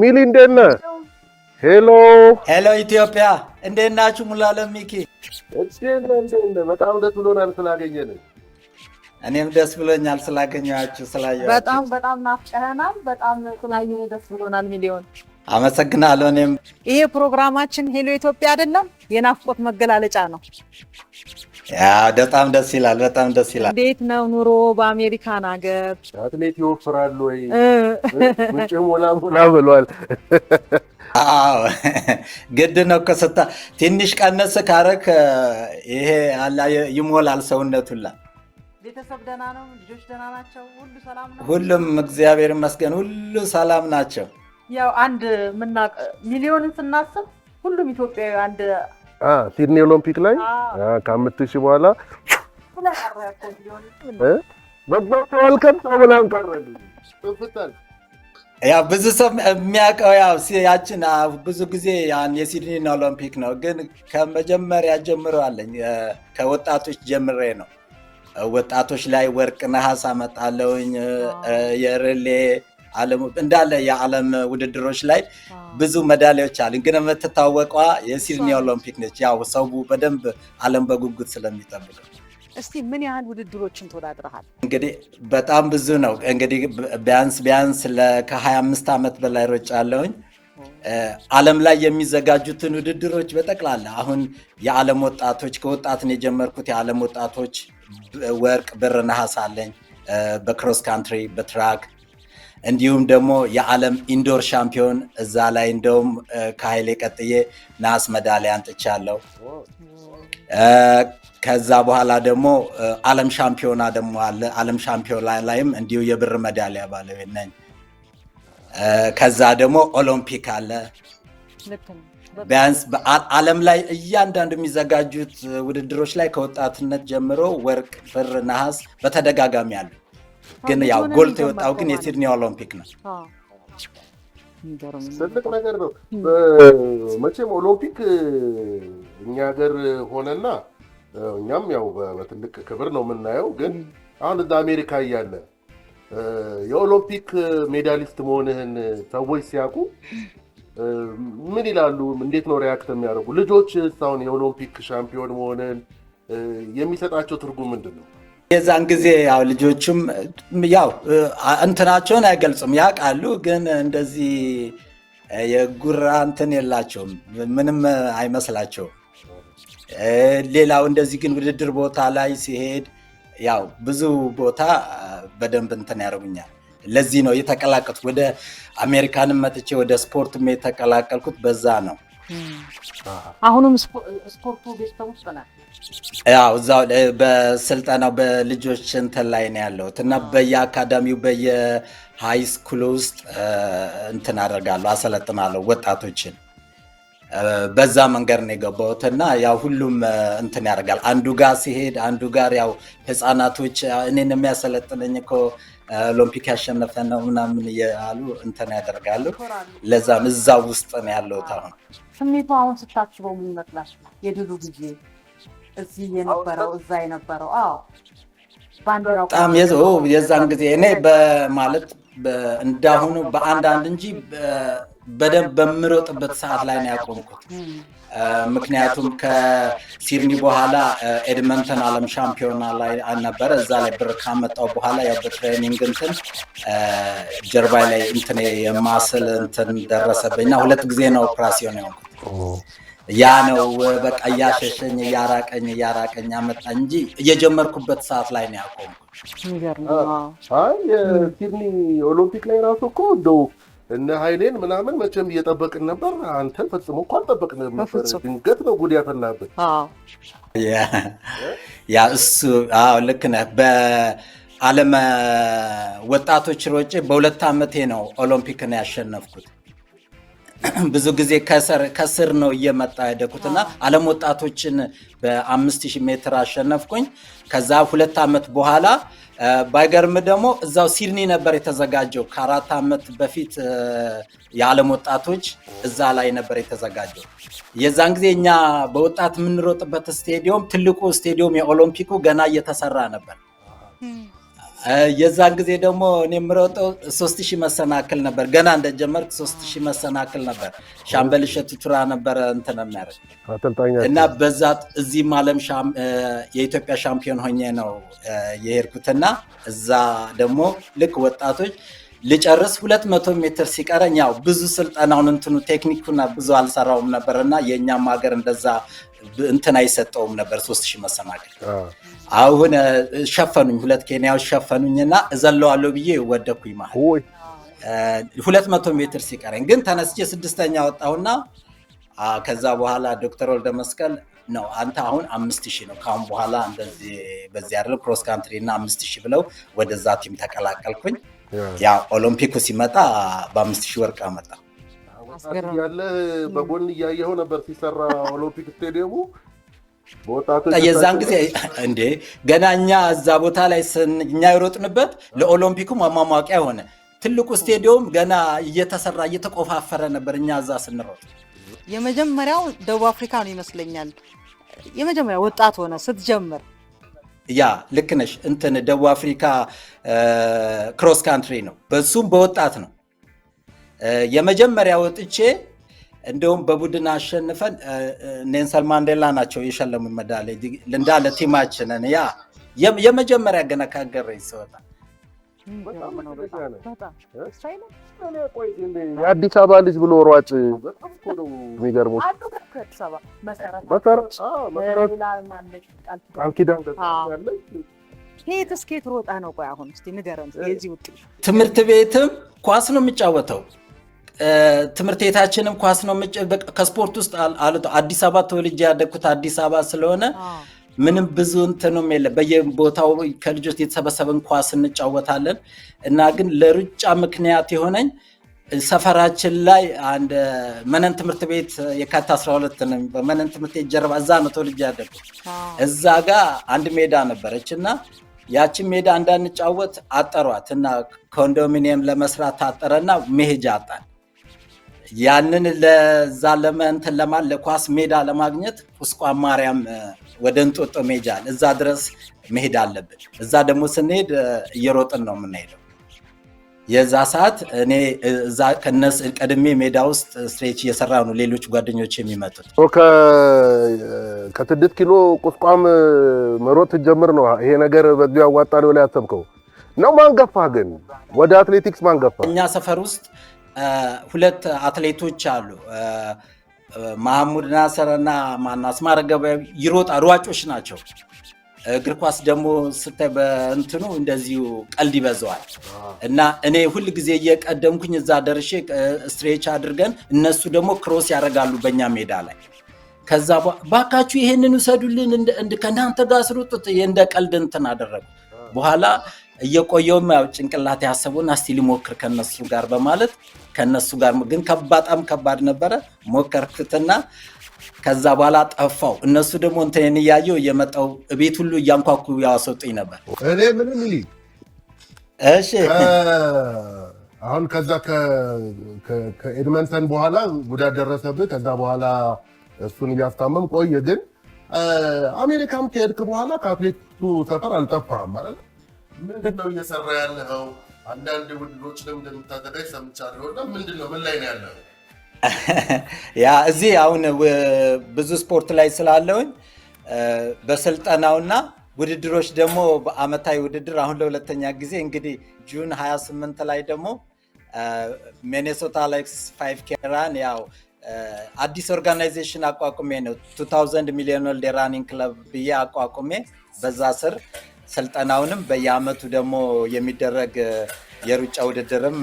ሚሊ እንዴት ነህ? ሄሎ ሄሎ፣ ኢትዮጵያ እንዴት ናችሁ? ሙላለም ሚኪ፣ በጣም ደስ ብሎናል ስላገኘን። እኔም ደስ ብሎኛል ስላገኘኋችሁ፣ ስላየ በጣም በጣም ናፍቀህናል። በጣም ስላየ ደስ ብሎናል። ሚሊዮን አመሰግናለሁ። እኔም ይሄ ፕሮግራማችን ሄሎ ኢትዮጵያ አይደለም የናፍቆት መገላለጫ ነው። በጣም ደስ ይላል። በጣም ደስ ይላል። እንዴት ነው ኑሮ በአሜሪካን ሀገር? አትሌት ይወፍራል ወይ? ውጭ ሞላ ሞላ ብሏል። አዎ ግድ ነው እኮ ስታ ትንሽ ቀነስ ካረክ ይሄ አላ ይሞላል ሰውነቱላ። ቤተሰብ ደህና ነው? ልጆች ደህና ናቸው? ሁሉ ሰላም ነው? ሁሉም እግዚአብሔር ይመስገን ሁሉ ሰላም ናቸው። ያው አንድ ምናቅ ሚሊዮንን ስናስብ ሁሉም ኢትዮጵያዊ አንድ ሲድኒ ኦሎምፒክ ላይ ከአምስት ሺህ በኋላ ያው ብዙ ሰው የሚያውቀው ያው ያችን ብዙ ጊዜ ያን የሲድኒን ኦሎምፒክ ነው። ግን ከመጀመሪያ ጀምሮ አለኝ ከወጣቶች ጀምሬ ነው። ወጣቶች ላይ ወርቅ፣ ነሐስ አመጣለሁኝ የርሌ እንዳለ የዓለም ውድድሮች ላይ ብዙ መዳሊያዎች አሉ። ግን የምትታወቋ የሲድኒ ኦሎምፒክ ነች። ያው ሰው በደንብ ዓለም በጉጉት ስለሚጠብቅ እስቲ ምን ያህል ውድድሮችን ተወዳድረሃል? እንግዲህ በጣም ብዙ ነው። እንግዲህ ቢያንስ ቢያንስ ከ25 ዓመት በላይ ሮጫለሁኝ። ዓለም ላይ የሚዘጋጁትን ውድድሮች በጠቅላላ አሁን የዓለም ወጣቶች ከወጣትን የጀመርኩት የዓለም ወጣቶች ወርቅ፣ ብር፣ ነሐስ አለኝ። በክሮስ ካንትሪ፣ በትራክ እንዲሁም ደግሞ የዓለም ኢንዶር ሻምፒዮን እዛ ላይ እንደውም ከኃይሌ ቀጥዬ ናስ መዳሊያ አንጥቻለሁ። ከዛ በኋላ ደግሞ ዓለም ሻምፒዮና ደግሞ አለ። ዓለም ሻምፒዮና ላይም እንዲሁ የብር መዳሊያ ባለቤት ነኝ። ከዛ ደግሞ ኦሎምፒክ አለ። ቢያንስ ዓለም ላይ እያንዳንዱ የሚዘጋጁት ውድድሮች ላይ ከወጣትነት ጀምሮ ወርቅ፣ ብር፣ ነሐስ በተደጋጋሚ አሉ። ግን ያው ጎልቶ የወጣው ግን የሲድኒ ኦሎምፒክ ነው። ትልቅ ነገር ነው። መቼም ኦሎምፒክ እኛ ሀገር ሆነና እኛም ያው በትልቅ ክብር ነው የምናየው። ግን አሁን እዛ አሜሪካ እያለ የኦሎምፒክ ሜዳሊስት መሆንህን ሰዎች ሲያውቁ ምን ይላሉ? እንዴት ነው ሪያክት የሚያደርጉ? ልጆች አሁን የኦሎምፒክ ሻምፒዮን መሆንን የሚሰጣቸው ትርጉም ምንድን ነው? የዛን ጊዜ ያው ልጆቹም ያው እንትናቸውን አይገልጽም ያውቃሉ፣ ግን እንደዚህ የጉራ እንትን የላቸውም፣ ምንም አይመስላቸውም። ሌላው እንደዚህ ግን ውድድር ቦታ ላይ ሲሄድ ያው ብዙ ቦታ በደንብ እንትን ያደርጉኛል። ለዚህ ነው የተቀላቀልኩት። ወደ አሜሪካንም መጥቼ ወደ ስፖርትም የተቀላቀልኩት በዛ ነው። አሁንም ስፖርቱ ቤት ውስጥ ነ ያው እዛው በስልጠናው በልጆች እንትን ላይ ነው ያለሁት እና በየአካዳሚው በየሃይስኩል ውስጥ እንትን አደርጋለሁ፣ አሰለጥናለሁ ወጣቶችን በዛ መንገድ ነው የገባሁት እና ያው ሁሉም እንትን ያደርጋል። አንዱ ጋር ሲሄድ አንዱ ጋር ያው ህፃናቶች እኔን የሚያሰለጥነኝ እኮ ኦሎምፒክ ያሸነፈ ነው ምናምን እያሉ እንትን ያደርጋሉ። ለዛም እዛ ውስጥ ነው ያለሁት አሁን ስሜቱ አሁን ስታስበው ምን ይመስላል? የድሉ ጊዜ እዚህ የነበረው እዛ የነበረው አዎ በጣም የዛን ጊዜ እኔ በማለት እንዳሁኑ በአንዳንድ እንጂ በደንብ በምሮጥበት ሰዓት ላይ ነው ያቆምኩት። ምክንያቱም ከሲድኒ በኋላ ኤድመንተን ዓለም ሻምፒዮና ላይ ነበረ። እዛ ላይ ብር ካመጣው በኋላ ያው በትሬኒንግ እንትን ጀርባይ ላይ እንትን የማስል እንትን ደረሰብኝ እና ሁለት ጊዜ ነው ኦፕራሲዮን ያልኩት። ያ ነው በቃ እያሸሸኝ እያራቀኝ እያራቀኝ አመጣ እንጂ እየጀመርኩበት ሰዓት ላይ ነው ያቆምኩት። ሲድኒ ኦሎምፒክ ላይ ራሱ እኮ እንደው እነ ሀይሌን ምናምን መቼም እየጠበቅን ነበር። አንተ ፈጽሞ እኮ አልጠበቅንም ነበር። ድንገት ነው ጉድ ያፈላብን። ያ እሱ ልክ ነህ። በዓለም ወጣቶች ሮጬ በሁለት ዓመቴ ነው ኦሎምፒክን ያሸነፍኩት። ብዙ ጊዜ ከስር ነው እየመጣ ያደኩት ያደኩትና አለም ወጣቶችን በአምስት ሺህ ሜትር አሸነፍኩኝ። ከዛ ሁለት ዓመት በኋላ ባይገርም ደግሞ እዛው ሲድኒ ነበር የተዘጋጀው። ከአራት ዓመት በፊት የዓለም ወጣቶች እዛ ላይ ነበር የተዘጋጀው። የዛን ጊዜ እኛ በወጣት የምንሮጥበት ስቴዲዮም ትልቁ ስቴዲዮም የኦሎምፒኩ ገና እየተሰራ ነበር። የዛን ጊዜ ደግሞ እኔ የምሮጠው ሶስት ሺህ መሰናክል ነበር። ገና እንደጀመርክ ሶስት ሺህ መሰናክል ነበር። ሻምበል እሸቱ ቱራ ነበረ እንትን የሚያደርግ እና በዛ እዚህም ዓለም የኢትዮጵያ ሻምፒዮን ሆኜ ነው የሄድኩትና እዛ ደግሞ ልክ ወጣቶች ልጨርስ ሁለት መቶ ሜትር ሲቀረኝ ያው ብዙ ስልጠናውን እንትኑ ቴክኒኩና ብዙ አልሰራውም ነበር እና የእኛም ሀገር እንደዛ እንትን አይሰጠውም ነበር ሶስት ሺህ መሰናክል አሁን ሸፈኑኝ ሁለት ኬንያዎች ሸፈኑኝና እዘለዋለሁ ብዬ ወደኩኝ መሀል ሁለት መቶ ሜትር ሲቀረኝ ግን ተነስቼ ስድስተኛ ወጣሁና ከዛ በኋላ ዶክተር ወልደ መስቀል ነው አንተ አሁን አምስት ሺህ ነው ከአሁን በኋላ እንደዚህ በዚህ አይደለም ክሮስ ካንትሪ እና አምስት ሺህ ብለው ወደዛ ቲም ተቀላቀልኩኝ ያ ኦሎምፒኩ ሲመጣ በአምስት ሺህ ወርቅ አመጣ ያለህ በጎን እያየው ነበር ሲሰራ ኦሎምፒክ ስቴዲየሙ የዛን ጊዜ እንዴ ገና እኛ እዛ ቦታ ላይ እኛ የሮጥንበት ለኦሎምፒኩ ማሟሟቂያ የሆነ ትልቁ ስቴዲየም ገና እየተሰራ እየተቆፋፈረ ነበር። እኛ እዛ ስንሮጥ የመጀመሪያው ደቡብ አፍሪካ ነው ይመስለኛል። የመጀመሪያ ወጣት ሆነ ስትጀምር ያ ልክ ነሽ። እንትን ደቡብ አፍሪካ ክሮስ ካንትሪ ነው፣ በሱም በወጣት ነው የመጀመሪያ ወጥቼ እንዲሁም በቡድን አሸንፈን ኔልሰን ማንዴላ ናቸው የሸለሙን መዳሊያ እንዳለ ቲማችንን ያ የመጀመሪያ ገና ካገረኝ ስወጣ የአዲስ አበባ ልጅ ብሎ ሯጭ የሚገርመው ኬት እስኬት ሮጣ ነው። ቆይ አሁን እስኪ ንገረን። የዚህ ውጤት ትምህርት ቤትም ኳስ ነው የሚጫወተው ትምህርት ቤታችንም ኳስ ነው። ከስፖርት ውስጥ አሉ። አዲስ አበባ ተወልጄ ያደግኩት አዲስ አበባ ስለሆነ ምንም ብዙ እንትኑም የለ። በየቦታው ከልጆች የተሰበሰበን ኳስ እንጫወታለን እና ግን ለሩጫ ምክንያት የሆነኝ ሰፈራችን ላይ አንድ መነን ትምህርት ቤት የካቲት 12 ነው። በመነን ትምህርት ቤት ጀርባ እዛ ነው ተወልጄ ያደግኩት። እዛ ጋር አንድ ሜዳ ነበረች እና ያችን ሜዳ እንዳንጫወት አጠሯት እና ኮንዶሚኒየም ለመስራት ታጠረና መሄጃ አጣን። ያንን ለዛ ለመንትን ለማን ለኳስ ሜዳ ለማግኘት ቁስቋም ማርያም ወደ እንጦጦ ሜጃ እዛ ድረስ መሄድ አለብን። እዛ ደግሞ ስንሄድ እየሮጥን ነው የምንሄደው። የዛ ሰዓት እኔ እዛ ከነስ ቀድሜ ሜዳ ውስጥ ስትሬች እየሰራ ነው ሌሎች ጓደኞች የሚመጡት። ከስድስት ኪሎ ቁስቋም መሮጥ ትጀምር ነው። ይሄ ነገር በዚሁ ያዋጣ ላይ ያሰብከው ነው። ማንገፋ ግን ወደ አትሌቲክስ ማንገፋ እኛ ሰፈር ውስጥ ሁለት አትሌቶች አሉ መሐሙድ ናሰር እና ማነው አስማረ ገበያው ይሮጣ ሯጮች ናቸው። እግር ኳስ ደግሞ ስታይ በእንትኑ እንደዚሁ ቀልድ ይበዛዋል እና እኔ ሁል ጊዜ እየቀደምኩኝ እዛ ደርሼ ስትሬች አድርገን እነሱ ደግሞ ክሮስ ያደርጋሉ በእኛ ሜዳ ላይ። ከዛ ባካችሁ ይሄንን ውሰዱልን ከእናንተ ጋር ስሩጡት እንደ ቀልድ እንትን አደረጉ። በኋላ እየቆየውም ያው ጭንቅላት ያሰቡን አስቲ ሊሞክር ከነሱ ጋር በማለት ከነሱ ጋር ግን በጣም ከባድ ነበረ። ሞከርኩትና ከዛ በኋላ ጠፋው። እነሱ ደግሞ እንትን እያየው እየመጣው ቤት ሁሉ እያንኳኩ ያስወጡኝ ነበር። እኔ ምንም እሺ አሁን ከዛ ከኤድመንተን በኋላ ጉዳት ደረሰብህ። ከዛ በኋላ እሱን እያስታመም ቆየ። ግን አሜሪካም ከሄድክ በኋላ ከአትሌቱ ሰፈር አልጠፋህም ማለት ምንድን ነው እየሰራ ያለኸው? አንዳንድ ቡድኖች ለምን እንደምታደረግ ሰምቻለሁ እና ምንድን ነው ምን ላይ ነው ያለው? ያ እዚህ አሁን ብዙ ስፖርት ላይ ስላለውኝ በስልጠናውና ውድድሮች ደግሞ በአመታዊ ውድድር አሁን ለሁለተኛ ጊዜ እንግዲህ ጁን 28 ላይ ደግሞ ሚኔሶታ ላይክስ ፋይቭ ኬራን ያው አዲስ ኦርጋናይዜሽን አቋቁሜ ነው 2000 ሚሊዮን ወልድ ራኒንግ ክለብ ብዬ አቋቁሜ በዛ ስር ስልጠናውንም በየአመቱ ደግሞ የሚደረግ የሩጫ ውድድርም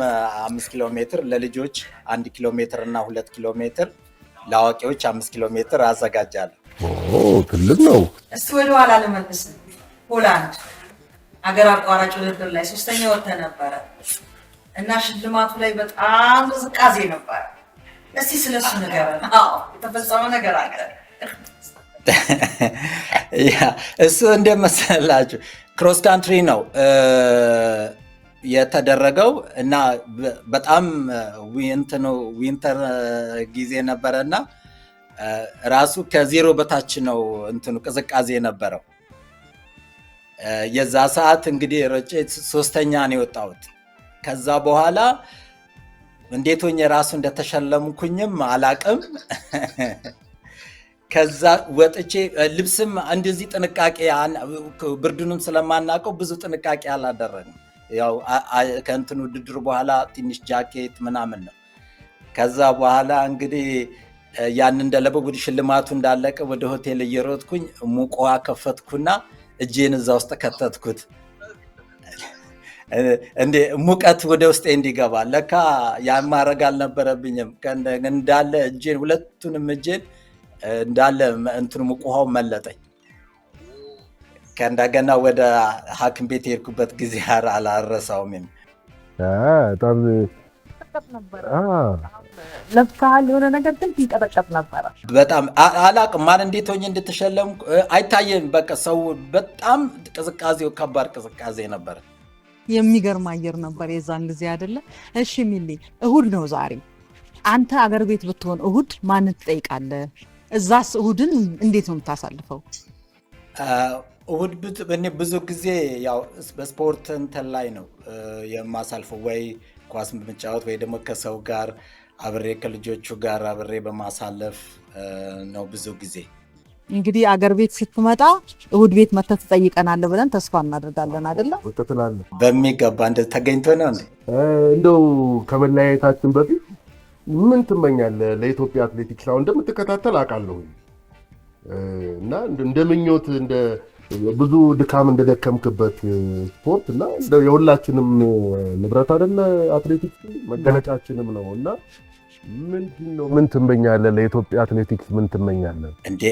አምስት ኪሎ ሜትር ለልጆች አንድ ኪሎ ሜትር እና ሁለት ኪሎ ሜትር ለአዋቂዎች አምስት ኪሎ ሜትር አዘጋጃለሁ። ትልቅ ነው። እስቲ ወደኋላ ለመልስ ሆላንድ አገር አቋራጭ ውድድር ላይ ሶስተኛ ወጥተህ ነበረ እና ሽልማቱ ላይ በጣም ቅዝቃዜ ነበረ። እስቲ ስለሱ ነገር የተፈጸመ ነገር አለ? እሱ እንደመሰላችሁ ክሮስ ካንትሪ ነው የተደረገው እና በጣም ዊንተር ጊዜ ነበረ እና ራሱ ከዜሮ በታች ነው እንትኑ ቅዝቃዜ ነበረው። የዛ ሰዓት እንግዲህ ሮጬ ሶስተኛ ነው የወጣሁት። ከዛ በኋላ እንዴት ሆኜ ራሱ እንደተሸለምኩኝም አላቅም። ከዛ ወጥቼ ልብስም እንደዚህ ጥንቃቄ ብርዱንም ስለማናውቀው ብዙ ጥንቃቄ አላደረግም። ያው ከእንትን ውድድር በኋላ ትንሽ ጃኬት ምናምን ነው። ከዛ በኋላ እንግዲህ ያን ጉድ ሽልማቱ እንዳለቀ ወደ ሆቴል እየሮጥኩኝ ሙቅ ከፈትኩና እጄን እዛ ውስጥ ከተትኩት። እንደ ሙቀት ወደ ውስጤ እንዲገባ ለካ ያን ማድረግ አልነበረብኝም። እንዳለ እጄን ሁለቱንም እጄን እንዳለ እንትን ሙቁሃው መለጠኝ። ከእንደገና ወደ ሐኪም ቤት የሄድኩበት ጊዜ አላረሳውም። በጣም ለፍተሃል የሆነ ነገር ግን ሲንቀጠቀጥ ነበረ። በጣም አላቅም ማን እንዴት ሆኜ እንድትሸለም አይታየም። በቃ ሰው በጣም ቅዝቃዜው ከባድ ቅዝቃዜ ነበር። የሚገርም አየር ነበር የዛን ጊዜ አይደለ? እሺ ሚሊ፣ እሁድ ነው ዛሬ። አንተ አገር ቤት ብትሆን እሁድ ማንን ትጠይቃለህ? እዛስ እሁድን እንዴት ነው የምታሳልፈው? እሁድ ብዙ ጊዜ ያው በስፖርት እንትን ላይ ነው የማሳልፈው፣ ወይ ኳስ በመጫወት ወይ ደግሞ ከሰው ጋር አብሬ ከልጆቹ ጋር አብሬ በማሳለፍ ነው ብዙ ጊዜ። እንግዲህ አገር ቤት ስትመጣ እሁድ ቤት መተህ ትጠይቀናለህ ብለን ተስፋ እናደርጋለን። አይደለም በሚገባ ተገኝቶ ነው እንደው ከመለያየታችን በፊት ምን ትመኛለህ ለኢትዮጵያ አትሌቲክስ? አሁን እንደምትከታተል አውቃለሁ እና እንደ ምኞት ብዙ ድካም እንደደከምክበት ስፖርት እና የሁላችንም ንብረት አይደለ አትሌቲክስ መገለጫችንም ነው እና ምን ትመኛለህ ለኢትዮጵያ አትሌቲክስ ምን ትመኛለህ? እንደ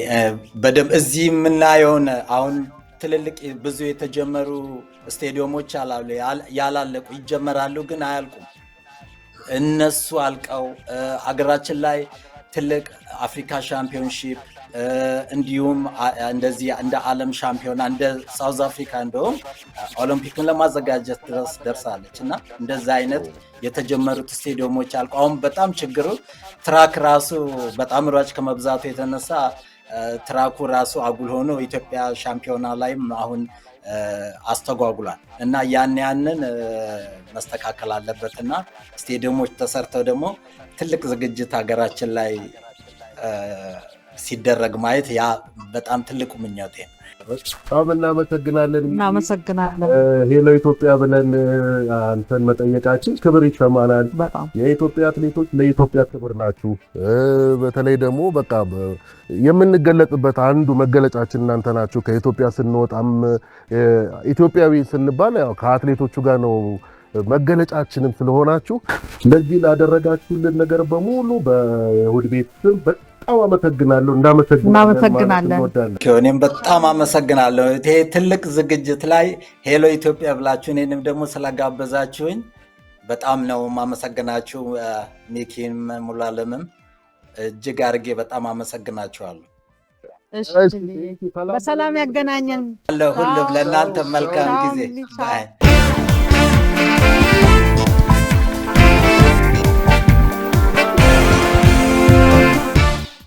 በደምብ እዚህ የምናየውን አሁን ትልልቅ ብዙ የተጀመሩ ስቴዲየሞች ያላለቁ ይጀመራሉ፣ ግን አያልቁም እነሱ አልቀው አገራችን ላይ ትልቅ አፍሪካ ሻምፒዮንሺፕ እንዲሁም እንደዚህ እንደ ዓለም ሻምፒዮና እንደ ሳውዝ አፍሪካ እንደውም ኦሎምፒክን ለማዘጋጀት ድረስ ደርሳለች እና እንደዚህ አይነት የተጀመሩት ስቴዲየሞች አልቀው አሁን በጣም ችግሩ ትራክ ራሱ በጣም ሯጭ ከመብዛቱ የተነሳ ትራኩ ራሱ አጉል ሆኖ ኢትዮጵያ ሻምፒዮና ላይም አሁን አስተጓጉሏል እና ያን ያንን መስተካከል አለበትና ስቴዲየሞች ተሰርተው ደግሞ ትልቅ ዝግጅት ሀገራችን ላይ ሲደረግ ማየት ያ በጣም ትልቁ ምኞቴ ነው። በጣም እናመሰግናለን። እናመሰግናለን። ሄሎ ኢትዮጵያ ብለን አንተን መጠየቃችን ክብር ይሰማናል። የኢትዮጵያ አትሌቶች ለኢትዮጵያ ክብር ናችሁ። በተለይ ደግሞ በቃ የምንገለጽበት አንዱ መገለጫችን እናንተ ናችሁ። ከኢትዮጵያ ስንወጣም ኢትዮጵያዊ ስንባል ያው ከአትሌቶቹ ጋር ነው መገለጫችንም ስለሆናችሁ ለዚህ ላደረጋችሁልን ነገር በሙሉ በእሑድ ቤት ስም በጣም አመሰግናለሁ። እናመሰግናለን። እኔም በጣም አመሰግናለሁ። ይሄ ትልቅ ዝግጅት ላይ ሄሎ ኢትዮጵያ ብላችሁ እኔንም ደግሞ ስለጋበዛችሁኝ በጣም ነው የማመሰግናችሁ። ሚኪም ሙላለምም እጅግ አድርጌ በጣም አመሰግናችኋለሁ። በሰላም ያገናኘን። ሁሉም ለእናንተ መልካም ጊዜ